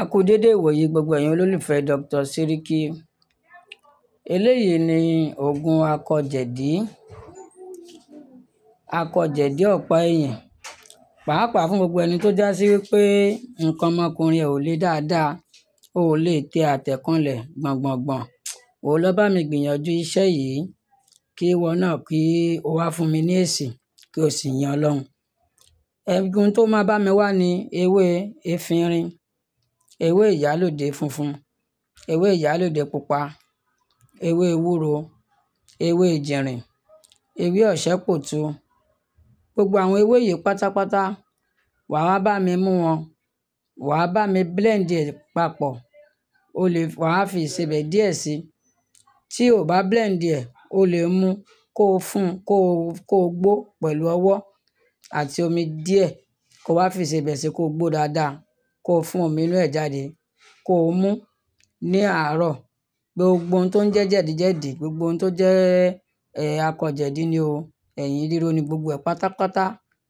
A kú dédé ìwòyí gbogbo ẹ̀yin olólùfẹ́ Dr. Seriki. Eléyìí ni oògùn akọ̀jẹ̀dí, akọ̀jẹ̀dí ọ̀pá ẹ̀yìn. Pàápàá fún gbogbo ẹni tó já sí wípé nǹkan ọmọkùnrin ẹ̀ ò le dáadáa, o ò lè tẹ àtẹ̀kànlẹ̀ gbọ̀ngbọ̀ngbọ̀n. Wò ó lọ bá mi gbìyànjú iṣẹ́ yìí kí ìwọ náà kí o wá fún mi ní èsì kí o sì yin Ọlọ́run. Ẹ̀gún tó máa bá mi wá ni ewé efinrin ewé ìyálóde funfun, ewé ìyálóde pupa, ewé ewúro, ewé ejìnrìn, ewé ọ̀sẹ́pòtu. Gbogbo àwọn ewé yìí pátápátá wà á bá mi mú wọn, wà á bá mi blend ẹ̀ papọ̀. O lè wà á fi ìsebẹ̀ díẹ̀ sí i. Tí o bá blend ẹ̀, o lè mú kó fún, kó, kó gbó pẹ̀lú ọwọ́ àti omi díẹ̀ kó wá fi ìsebẹ̀ sí i kó gbó dáadáa kó fún omi inú ẹ̀ jáde, kó mú ní àárọ̀. Gbogbo ohun tó ń jẹ́ jẹ̀díjẹ̀dí, gbogbo ohun tó jẹ́, eh, akọ̀jẹ̀dí ni o, ẹ̀yìn ríro ni gbogbo ẹ̀ pátápátá,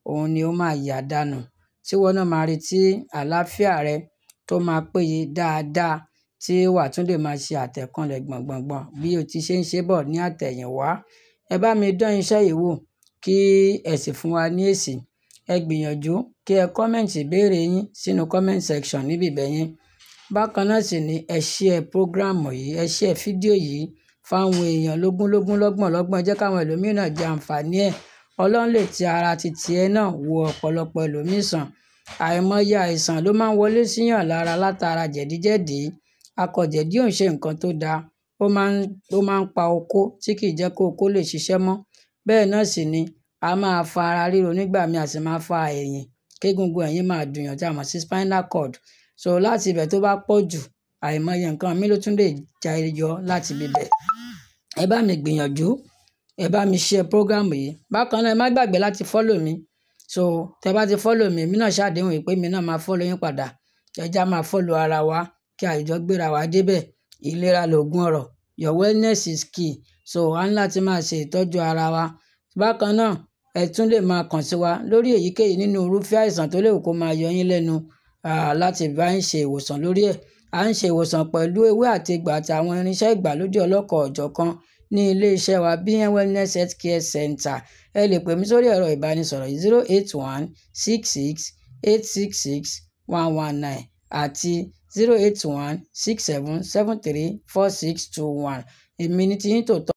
òun ni ó máa yà dànù. Tí wọ́n náà máa rí tí àlàáfíà rẹ tó máa péye dáadáa tí wà tún lè máa ṣe àtẹ̀kọ́lẹ̀ gbọ̀ngbọ̀ngbọ̀n bí o ti ṣe ń ṣe bọ̀ ní àtẹ̀yìnwá. Ẹ bá mi dán iṣẹ́ yìí wò kí ẹ sì fún wa ní èsì ẹ gbìyànjú kí ẹ comment ìbéèrè yín sínú comment section níbi ibẹ̀ yẹn. Bákan náà sì ni ẹ share program yìí, ẹ share fídíò yìí fáwọn èèyàn lógún lógún, lọ́gbọ̀n lọ́gbọ̀n, jẹ́ káwọn ẹlòmíràn jẹ àǹfààní ẹ̀. Ọlọ́run lè ti ara titi ẹ náà wo ọ̀pọ̀lọpọ̀ ẹlòmíì sàn. Àìmọye àìsàn ló máa ń wọlé síyàn lára látara jẹ̀díjẹ̀dí. Akọ̀jẹ̀dí ò ń ṣe nǹkan tó da. Ó máa ń, ó máa ń pa okó tí kì í jẹ́ kó okó lè ṣiṣẹ́ mọ́. Bẹ́ẹ̀ náà sì ni a máa fa ara ríro nígbà míì a sì máa fa ẹ̀yìn kégungun ẹ̀yìn máa dùnyàn tí a mọ̀ sí spinal cord so láti ibẹ̀ tó bá pọ̀ jù àìmọye nǹkan mi ló tún lè jẹyọ láti ibẹ̀ ẹ bá mi gbìyànjú ẹ bá mi share program yìí bákan náà ẹ má gbàgbé láti follow mi so tẹ bá ti follow mi èmi náà ṣàdéhùn pé mi náà máa follow yín padà ẹja máa follow ara wa kí àìjọ gbéra wa débẹ̀ ìlera lògùn ọ̀rọ̀ your wellness is key so a ń láti máa ṣe ìtọ́jú ara wa bákan náà ẹ tún lè máa kàn sí wa lórí èyíkéyìí nínú irúfẹ́ àìsàn tó lè kó máa yọ yín lẹ́nu láti bá ń ṣe ìwòsàn lórí ẹ̀ à ń ṣe ìwòsàn pẹ̀lú ewé àti ìgbà àti àwọn irinṣẹ́ ìgbàlódé ọlọ́kọ̀ ọ̀jọ̀kan ní iléeṣẹ́ wa BN Wellness Health Care Center ẹ lè pè mí sórí ẹ̀rọ ìbánisọ̀rọ̀ zero eight one six six eight six six one one nine àti zero eight one six seven seven three four six two one èmi ní tiyín tòótọ́.